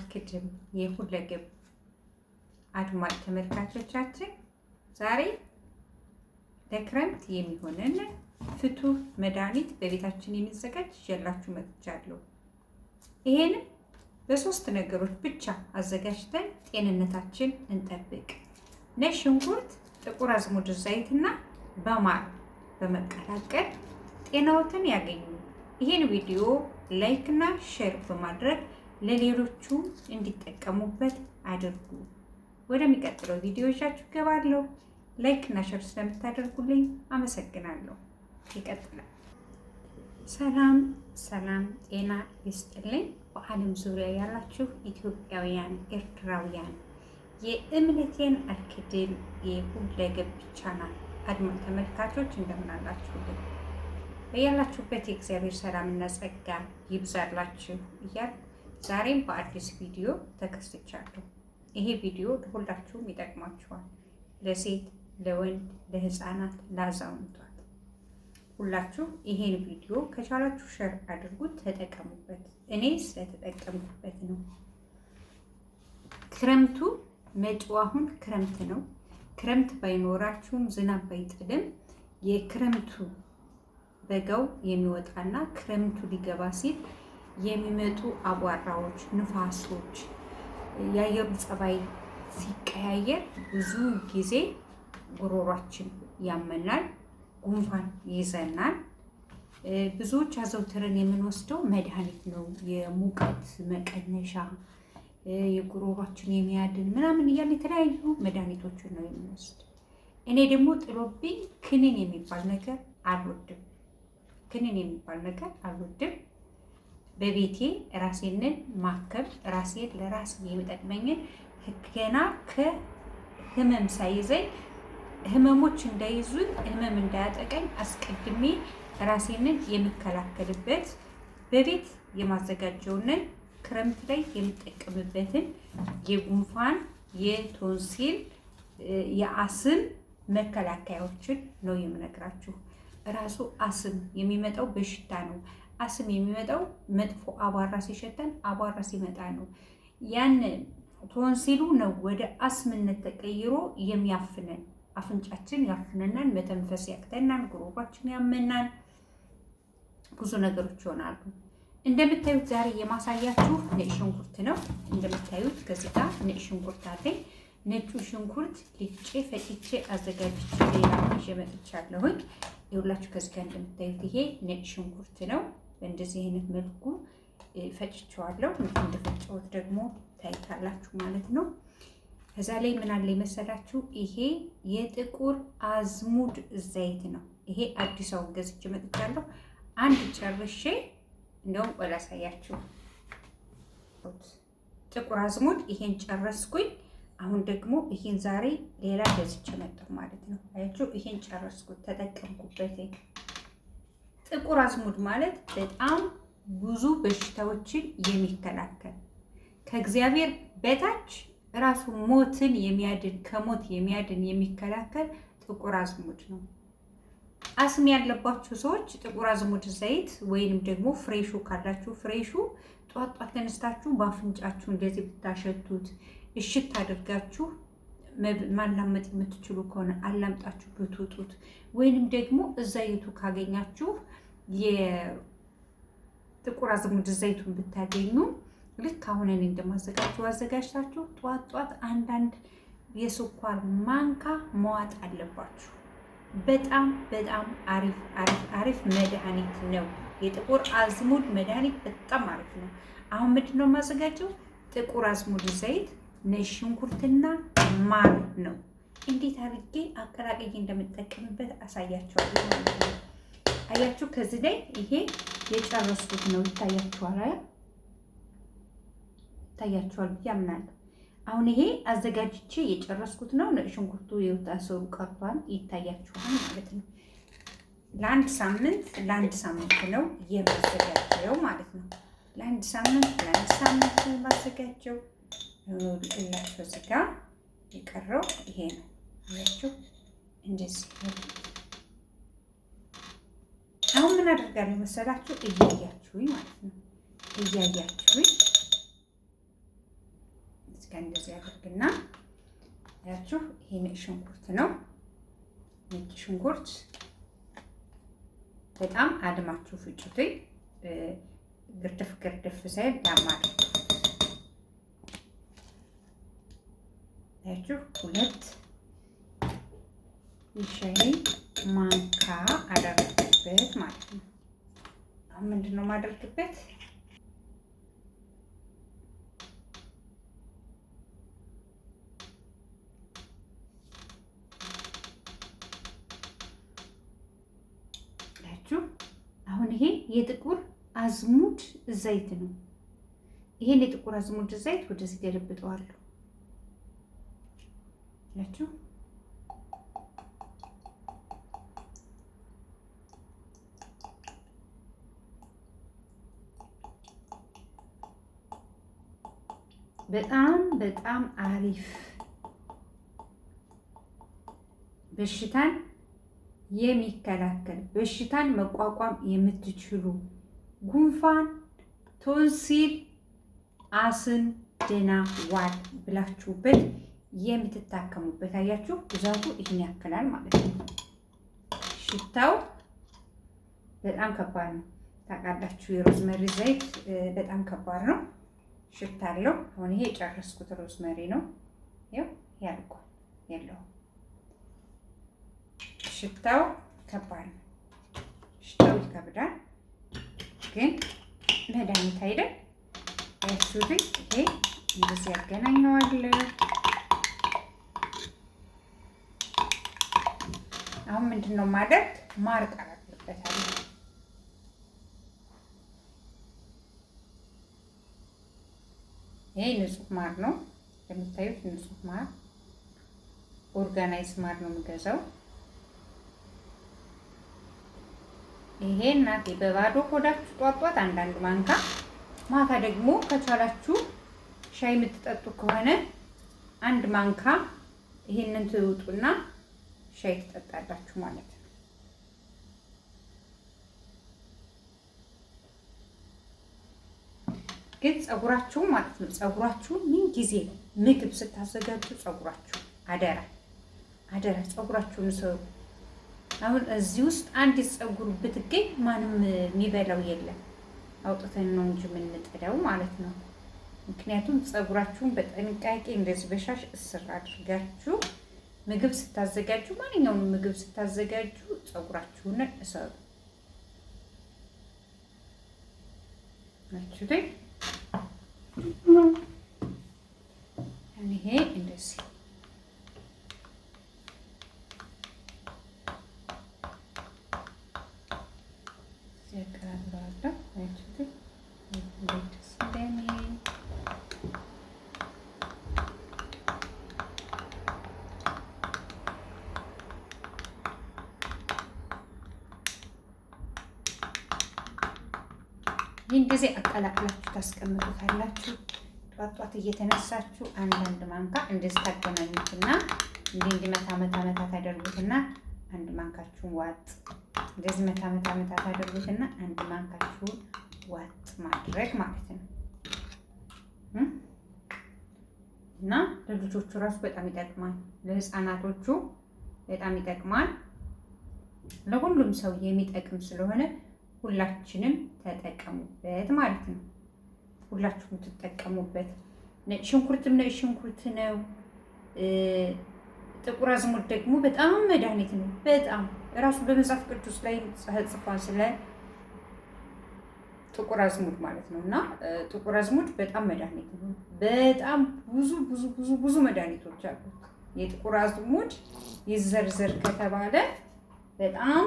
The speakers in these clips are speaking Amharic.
አልክድም የሁለገብ አድማጭ ተመልካቾቻችን ዛሬ ለክረምት የሚሆንን ፍቱህ መድኃኒት በቤታችን የሚዘጋጅ ይዤላችሁ መጥቻለሁ። ይሄንም በሶስት ነገሮች ብቻ አዘጋጅተን ጤንነታችን እንጠብቅ። ነጭ ሽንኩርት፣ ጥቁር አዝሙድ ዘይትና በማር በመቀላቀል ጤናዎትን ያገኙ። ይህን ቪዲዮ ላይክ እና ሼር በማድረግ ለሌሎቹ እንዲጠቀሙበት አድርጉ። ወደሚቀጥለው ቪዲዮ ይዣችሁ እገባለሁ። ላይክ እና ሸር ስለምታደርጉልኝ አመሰግናለሁ። ይቀጥላል። ሰላም ሰላም፣ ጤና ይስጥልኝ። በዓለም ዙሪያ ያላችሁ ኢትዮጵያውያን፣ ኤርትራውያን የእምነቴን አልክድል የሁለገብ ቻናል አድማጭ ተመልካቾች እንደምን አላችሁልኝ? በያላችሁበት የእግዚአብሔር ሰላምና ጸጋ ይብዛላችሁ እያል ዛሬም በአዲስ ቪዲዮ ተከስቻለሁ። ይሄ ቪዲዮ ለሁላችሁም ይጠቅማችኋል፣ ለሴት፣ ለወንድ፣ ለህፃናት፣ ላዛውንቷል። ሁላችሁ ይሄን ቪዲዮ ከቻላችሁ ሸር አድርጉት፣ ተጠቀሙበት። እኔ ስለተጠቀምኩበት ነው። ክረምቱ መጪው አሁን ክረምት ነው። ክረምት ባይኖራችሁም ዝናብ ባይጥልም የክረምቱ በጋው የሚወጣና ክረምቱ ሊገባ ሲል የሚመጡ አቧራዎች፣ ንፋሶች፣ የአየሩ ጸባይ ሲቀያየር ብዙ ጊዜ ጉሮሯችን ያመናል፣ ጉንፋን ይዘናል። ብዙዎች አዘውትረን የምንወስደው መድኃኒት ነው። የሙቀት መቀነሻ የጉሮሯችን የሚያድን ምናምን እያለ የተለያዩ መድኃኒቶችን ነው የምንወስድ። እኔ ደግሞ ጥሎብኝ ክኒን የሚባል ነገር አልወድም። ክኒን የሚባል ነገር አልወድም። በቤቴ ራሴንን ማከም ራሴን ለራስ የሚጠቅመኝን ህገና ከህመም ሳይዘኝ ህመሞች እንዳይዙን ህመም እንዳያጠቀኝ አስቀድሜ ራሴንን የምከላከልበት በቤት የማዘጋጀውንን ክረምት ላይ የምጠቀምበትን የጉንፋን፣ የቶንሲል፣ የአስም መከላከያዎችን ነው የምነግራችሁ። ራሱ አስም የሚመጣው በሽታ ነው። አስም የሚመጣው መጥፎ አቧራ ሲሸተን አቧራ ሲመጣ ነው። ያን ቶንሲሉ ነው ወደ አስምነት ተቀይሮ የሚያፍነን። አፍንጫችን ያፍነናል፣ መተንፈስ ያቅተናል፣ ጉሮሯችን ያመናል፣ ብዙ ነገሮች ይሆናሉ። እንደምታዩት ዛሬ የማሳያችሁ ነጭ ሽንኩርት ነው። እንደምታዩት ከዚህ ጋር ነጭ ሽንኩርት አለኝ። ነጩ ሽንኩርት ልጬ ፈጭቼ አዘጋጅቼ ሌላ ይዤ መጥቻለሁኝ። የሁላችሁ ከዚህ ጋር እንደምታዩት ይሄ ነጭ ሽንኩርት ነው። በእንደዚህ አይነት መልኩ ፈጭቸዋለሁ። እንደፈጨሁት ደግሞ ታይታላችሁ ማለት ነው። ከዛ ላይ ምን አለ የመሰላችሁ ይሄ የጥቁር አዝሙድ ዘይት ነው። ይሄ አዲስ አበባ ገዝቼ መጥቻለሁ። አንድ ጨርሼ እንደውም ቆላሳያችሁ ጥቁር አዝሙድ ይሄን ጨረስኩኝ። አሁን ደግሞ ይሄን ዛሬ ሌላ ገዝቼ መጣሁ ማለት ነው። አያችሁ፣ ይሄን ጨረስኩት፣ ተጠቀምኩበት። ጥቁር አዝሙድ ማለት በጣም ብዙ በሽታዎችን የሚከላከል ከእግዚአብሔር በታች ራሱ ሞትን የሚያድን ከሞት የሚያድን የሚከላከል ጥቁር አዝሙድ ነው። አስም ያለባችሁ ሰዎች ጥቁር አዝሙድ ዘይት ወይንም ደግሞ ፍሬሹ ካላችሁ ፍሬሹ ጧት ጧት ተነስታችሁ በአፍንጫችሁ እንደዚህ ብታሸቱት እሽት አድርጋችሁ ማላመጥ የምትችሉ ከሆነ አላምጣችሁ ብትውጡት ወይንም ደግሞ እዛ የቱ ካገኛችሁ የጥቁር አዝሙድ ዘይቱን ብታገኙ ልክ አሁን እኔ እንደማዘጋጀው አዘጋጅታችሁ ጧት ጧት አንዳንድ የስኳር ማንካ መዋጥ አለባችሁ። በጣም በጣም አሪፍ አሪፍ አሪፍ መድኃኒት ነው። የጥቁር አዝሙድ መድኃኒት በጣም አሪፍ ነው። አሁን ምንድን ነው የማዘጋጀው? ጥቁር አዝሙድ ዘይት ነጭ ሽንኩርትና ማር ነው። እንዴት አድርጌ አቀላቅዬ እንደምጠቀምበት አሳያችኋለሁ ማለት ነው። አያችሁ፣ ከዚህ ላይ ይሄ የጨረስኩት ነው። ይታያችኋል፣ ይታያችኋል ብዬ አምናለሁ። አሁን ይሄ አዘጋጅቼ የጨረስኩት ነው። ሽንኩርቱ የታሰሩ ቀርቷል፣ ይታያችኋል ማለት ነው። ለአንድ ሳምንት ለአንድ ሳምንት ነው የማዘጋጀው ማለት ነው። ለአንድ ሳምንት ለአንድ ሳምንት ነው የማዘጋጀው። እዚህ ስጋ የቀረው ይሄ ነው። ያችሁ እንደዚህ አሁን ምን አደርጋለሁ መሰላችሁ? እያያችሁኝ ማለት ነው። እያያችሁኝ እዚህ እስከ እንደዚህ አድርግና ያችሁ ይሄ ነጭ ሽንኩርት ነው። ነጭ ሽንኩርት በጣም አድማችሁ ፍጩትኝ። ግርድፍ ግርድፍ ሳይል ዳማ አድርጉ ታያችሁ ሁለት የሻይ ማንካ አደረግበት ማለት ነው። አሁን ምንድን ነው የማደርግበት? አሁን ይሄ የጥቁር አዝሙድ ዘይት ነው። ይሄን የጥቁር አዝሙድ ዘይት ወደዚህ ገለብጠዋለሁ። ያችሁ በጣም በጣም አሪፍ በሽታን የሚከላከል በሽታን መቋቋም የምትችሉ ጉንፋን፣ ቶንሲል፣ አስን ደህና ዋል ብላችሁበት የምትታከሙበት አያችሁ፣ ብዛቱ ይህን ያክላል ማለት ነው። ሽታው በጣም ከባድ ነው። ታውቃላችሁ፣ የሮዝመሪ ዘይት በጣም ከባድ ነው፣ ሽታ አለው። አሁን ይሄ የጨረስኩት ሮዝመሪ ነው። ያው ያልቋል፣ የለውም። ሽታው ከባድ ነው። ሽታው ይከብዳል፣ ግን መድኃኒት አይደል? እሱት ይሄ እንደዚህ ያገናኘዋለሁ አሁን ምንድን ነው ማደርግ ማር ቀላቅልበታለሁ። ይሄ ንጹህ ማር ነው እንደምታዩት፣ ንጹህ ማር ኦርጋናይዝ ማር ነው የምገዛው። ይሄ እናቴ በባዶ ሆዳችሁ ጧጧት አንዳንድ ማንካ፣ ማታ ደግሞ ከቻላችሁ ሻይ የምትጠጡ ከሆነ አንድ ማንካ ይሄንን ትውጡና ሻይ ትጠጣላችሁ ማለት ነው። ግን ፀጉራችሁ ማለት ነው ፀጉራችሁ ምን ጊዜ ምግብ ስታዘጋጁ ፀጉራችሁ አደራ አደራ ፀጉራችሁን ሰሩ። አሁን እዚህ ውስጥ አንድ ፀጉር ብትገኝ ማንም የሚበላው የለም። አውጥተን ነው እንጂ የምንጥለው ማለት ነው። ምክንያቱም ፀጉራችሁን በጥንቃቄ እንደዚህ በሻሽ እስር አድርጋችሁ ምግብ ስታዘጋጁ፣ ማንኛውንም ምግብ ስታዘጋጁ ፀጉራችሁን እሰሩ። ይሄ እንደዚህ ይህን ጊዜ አቀላቅላችሁ ታስቀምጡታላችሁ። ጧጧት እየተነሳችሁ አንዳንድ ማንካ እንደዚህ ታገናኙትና እንዲህ እንዲህ መታ መታ መታ ታደርጉትና አንድ ማንካችሁን ዋጥ እንደዚህ መታ መታ መታ ታደርጉትና አንድ ማንካችሁን ዋጥ ማድረግ ማለት ነው። እና ለልጆቹ ራሱ በጣም ይጠቅማል። ለህፃናቶቹ በጣም ይጠቅማል። ለሁሉም ሰው የሚጠቅም ስለሆነ ሁላችንም ተጠቀሙበት ማለት ነው። ሁላችሁም ትጠቀሙበት። ነጭ ሽንኩርትም ነጭ ሽንኩርት ነው። ጥቁር አዝሙድ ደግሞ በጣም መድኃኒት ነው። በጣም እራሱ በመጽሐፍ ቅዱስ ላይ ጽፏን ስለ ጥቁር አዝሙድ ማለት ነው። እና ጥቁር አዝሙድ በጣም መድኃኒት ነው። በጣም ብዙ ብዙ ብዙ ብዙ መድኃኒቶች አሉ። የጥቁር አዝሙድ ይዘርዘር ከተባለ በጣም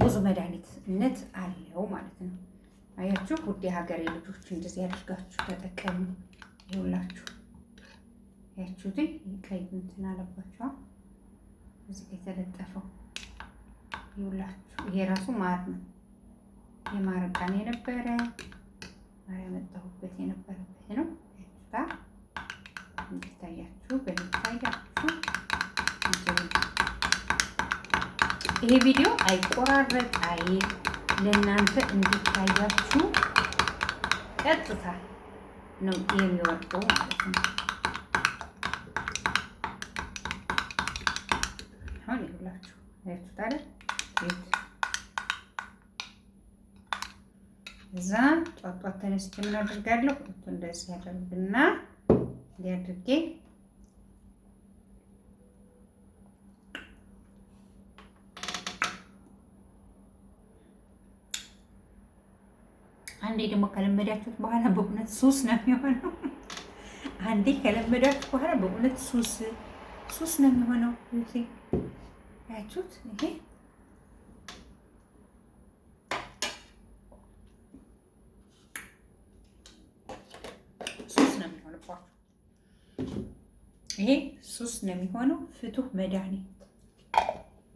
ብዙ መድኃኒትነት አለው ማለት ነው። አያችሁ ውድ የሀገሬ ልጆች እንደዚህ አድርጋችሁ ተጠቀሙ። ይኸውላችሁ ያችሁት ቀይ እንትን አለባችኋል። እዚህ ጋ የተለጠፈው ይኸውላችሁ ይሄ ራሱ ማር ነው። የማር ዕቃን የነበረ ማር ያመጣሁበት የነበረበት ነው። ታ እንዲታያችሁ በሚታያችሁ ይሄ ቪዲዮ አይቆራረጥ አይ ለእናንተ እንዲታያችሁ ቀጥታ ነው የሚወርደው ማለት ነው። አሁን ይብላችሁ ያችሁታለ እዛ ጧጧት ተነስቼ ምን አድርጋለሁ? እንደዚህ ያደርግና እንዲያድርጌ አንዴ ደግሞ ከለመዳችሁት በኋላ በእውነት ሱስ ነው የሚሆነው። አንዴ ከለመዳችሁት በኋላ በእውነት ሱስ ሱስ ነው የሚሆነው። ያችሁት ይሄ ሱስ ነው ይሄ ሱስ ነው የሚሆነው። ፍቱህ መድኃኒት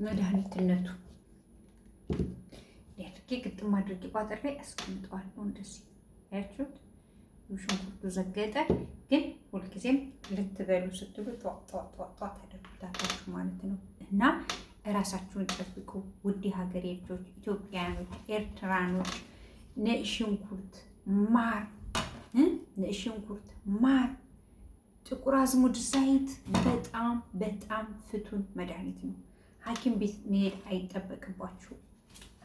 መድኃኒትነቱ ግጥም አድርጌ ቋጥሬ አስቀምጠዋለሁ። እንደዚህ አያችሁት? ሽንኩርቱ ዘገጠ። ግን ሁልጊዜም ልትበሉ ስትሉ ጠዋት ታደርጉታላችሁ ማለት ነው እና እራሳችሁን ጠብቁ ውድ ሀገሬ ልጆች፣ ኢትዮጵያኖች፣ ኤርትራኖች ነሽንኩርት፣ ማር ነሽንኩርት፣ ማር፣ ጥቁር አዝሙድ፣ ዘይት በጣም በጣም ፍቱን መድኃኒት ነው። ሐኪም ቤት መሄድ አይጠበቅባችሁ።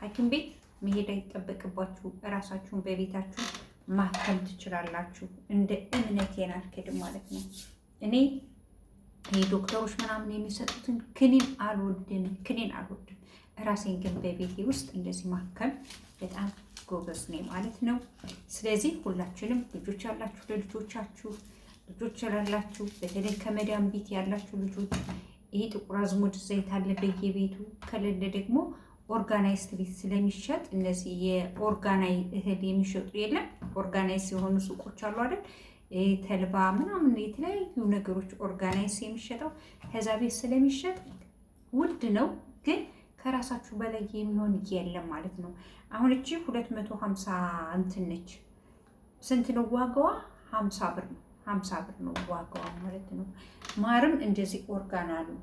ሐኪም ቤት መሄድ አይጠበቅባችሁ። እራሳችሁን በቤታችሁ ማከል ትችላላችሁ። እንደ እምነቴን አልክድም ማለት ነው። እኔ ዶክተሮች ምናምን የሚሰጡትን ክኒን አልወድን ክኒን አልወድም። ራሴን ግን በቤቴ ውስጥ እንደዚህ ማከል በጣም ጎበዝ ነኝ ማለት ነው። ስለዚህ ሁላችንም ልጆች ያላችሁ ለልጆቻችሁ ልጆች ያላላችሁ በተለይ ከመዳም ቤት ያላችሁ ልጆች ይህ ጥቁር አዝሙድ ዘይት አለ በየቤቱ ከሌለ ደግሞ ኦርጋናይዝድ ቤት ስለሚሸጥ እነዚህ የኦርጋናይ እህል የሚሸጡ የለም። ኦርጋናይዝ የሆኑ ሱቆች አሉ አይደል? ተልባ ምናምን የተለያዩ ነገሮች ኦርጋናይዝ የሚሸጠው ከዛ ቤት ስለሚሸጥ ውድ ነው፣ ግን ከራሳችሁ በላይ የሚሆን የለም ማለት ነው። አሁን እቺ 250 እንትን ነች። ስንት ነው ዋጋዋ? ሀምሳ ብር ነው። ሀምሳ ብር ነው ዋጋዋ ማለት ነው። ማርም እንደዚህ ኦርጋና ነው።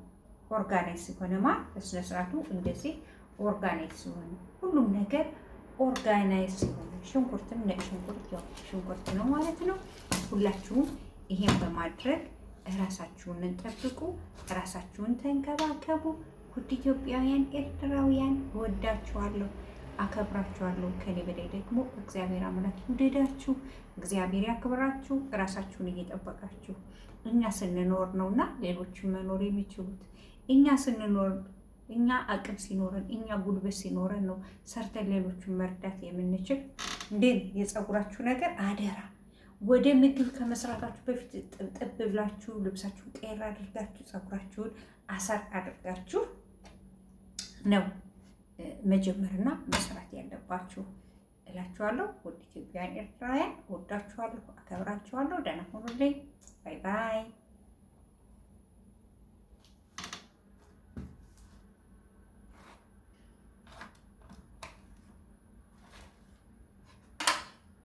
ኦርጋናይዝ የሆነ ማር በስነስርዓቱ እንደዚህ ኦርጋናይዝ ሲሆን ሁሉም ነገር ኦርጋናይዝ ሲሆን፣ ሽንኩርትም ነጭ ሽንኩርት ያው ሽንኩርት ነው ማለት ነው። ሁላችሁም ይሄን በማድረግ ራሳችሁን ጠብቁ፣ ራሳችሁን ተንከባከቡ። ውድ ኢትዮጵያውያን፣ ኤርትራውያን ወዳችኋለሁ፣ አከብራችኋለሁ። ከኔ በላይ ደግሞ እግዚአብሔር አምላክ ይውደዳችሁ፣ እግዚአብሔር ያክብራችሁ። ራሳችሁን እየጠበቃችሁ እኛ ስንኖር ነውና ሌሎች መኖር የሚችሉት እኛ ስንኖር እኛ አቅም ሲኖረን እኛ ጉልበት ሲኖረን ነው ሰርተን ሌሎችን መርዳት የምንችል። ግን የፀጉራችሁ ነገር አደራ ወደ ምግብ ከመስራታችሁ በፊት ጥብጥብ ብላችሁ ልብሳችሁን ቀይር አድርጋችሁ ፀጉራችሁን አሰር አድርጋችሁ ነው መጀመርና መስራት ያለባችሁ እላችኋለሁ። ወደ ኢትዮጵያን ኤርትራውያን ወዳችኋለሁ፣ አከብራችኋለሁ። ደህና ሁኑልኝ። ባይ ባይ።